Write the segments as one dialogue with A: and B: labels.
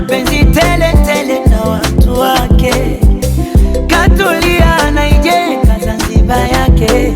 A: mapenzi tele tele na watu wake, katulia anaijenga Zanzibar yake,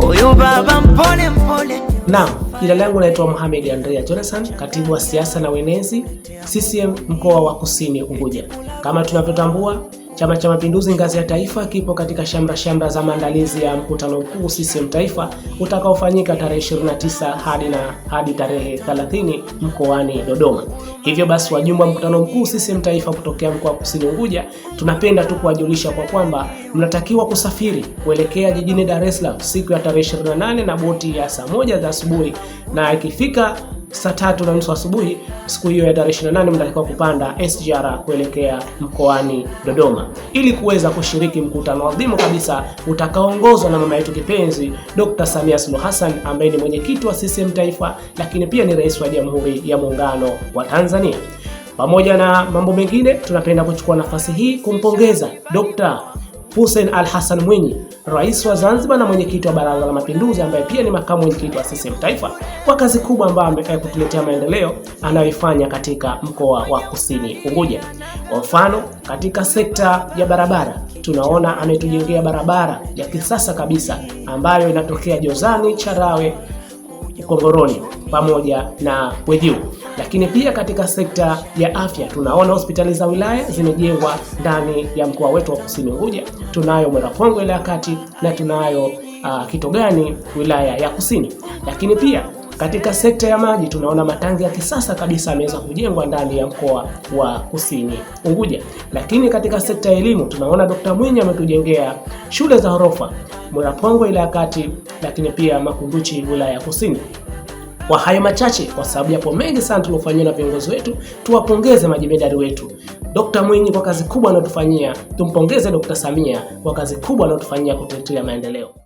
A: huyu baba mpole mpole. Naam, jina langu naitwa Mohamed Andrea Jonathan, katibu wa siasa na uenezi CCM mkoa wa Kusini Unguja. Kama tunavyotambua Chama cha Mapinduzi ngazi ya taifa kipo katika shamra shamra za maandalizi ya mkutano mkuu CCM taifa utakaofanyika tarehe 29 hadi na hadi tarehe 30 mkoani Dodoma. Hivyo basi, wajumbe wa mkutano mkuu CCM taifa kutokea mkoa wa Kusini Unguja, tunapenda tu kuwajulisha kwa kwamba mnatakiwa kusafiri kuelekea jijini Dar es Salaam siku ya tarehe 28 na boti ya saa moja za asubuhi na ikifika saa tatu na nusu asubuhi siku hiyo ya tarehe 28 mnatakiwa kupanda SGR kuelekea mkoani Dodoma ili kuweza kushiriki mkutano adhimu kabisa utakaoongozwa na mama yetu kipenzi Dr. Samia Suluhu Hassan ambaye ni mwenyekiti wa CCM Taifa, lakini pia ni rais wa Jamhuri ya Muungano wa Tanzania. Pamoja na mambo mengine, tunapenda kuchukua nafasi hii kumpongeza Dr. Hussein Al Hassan Mwinyi, rais wa Zanzibar na mwenyekiti wa Baraza la Mapinduzi, ambaye pia ni makamu mwenyekiti wa CCM Taifa, kwa kazi kubwa ambayo amekaa kutuletea maendeleo anayoifanya katika mkoa wa Kusini Unguja. Kwa mfano, katika sekta ya barabara tunaona ametujengea barabara ya kisasa kabisa ambayo inatokea Jozani Charawe kongoroni pamoja na Wejiu. Lakini pia katika sekta ya afya tunaona hospitali za wilaya zimejengwa ndani ya mkoa wetu wa Kusini Unguja. Tunayo Mwerapongwe ya kati na tunayo uh, Kitogani wilaya ya Kusini. Lakini pia katika sekta ya maji tunaona matangi ya kisasa kabisa yameweza kujengwa ndani ya mkoa wa Kusini Unguja. Lakini katika sekta ya elimu tunaona Dr. Mwinyi ametujengea shule za ghorofa Murang'ongo wilaya ya Kati, lakini pia Makunduchi wilaya ya Kusini. Kwa hayo machache, kwa sababu yapo mengi sana tuliofanyia na viongozi wetu, tuwapongeze majemedari wetu Dr. Mwinyi kwa kazi kubwa anayotufanyia, tumpongeze Dr. Samia kwa kazi kubwa anayotufanyia kutuletea maendeleo.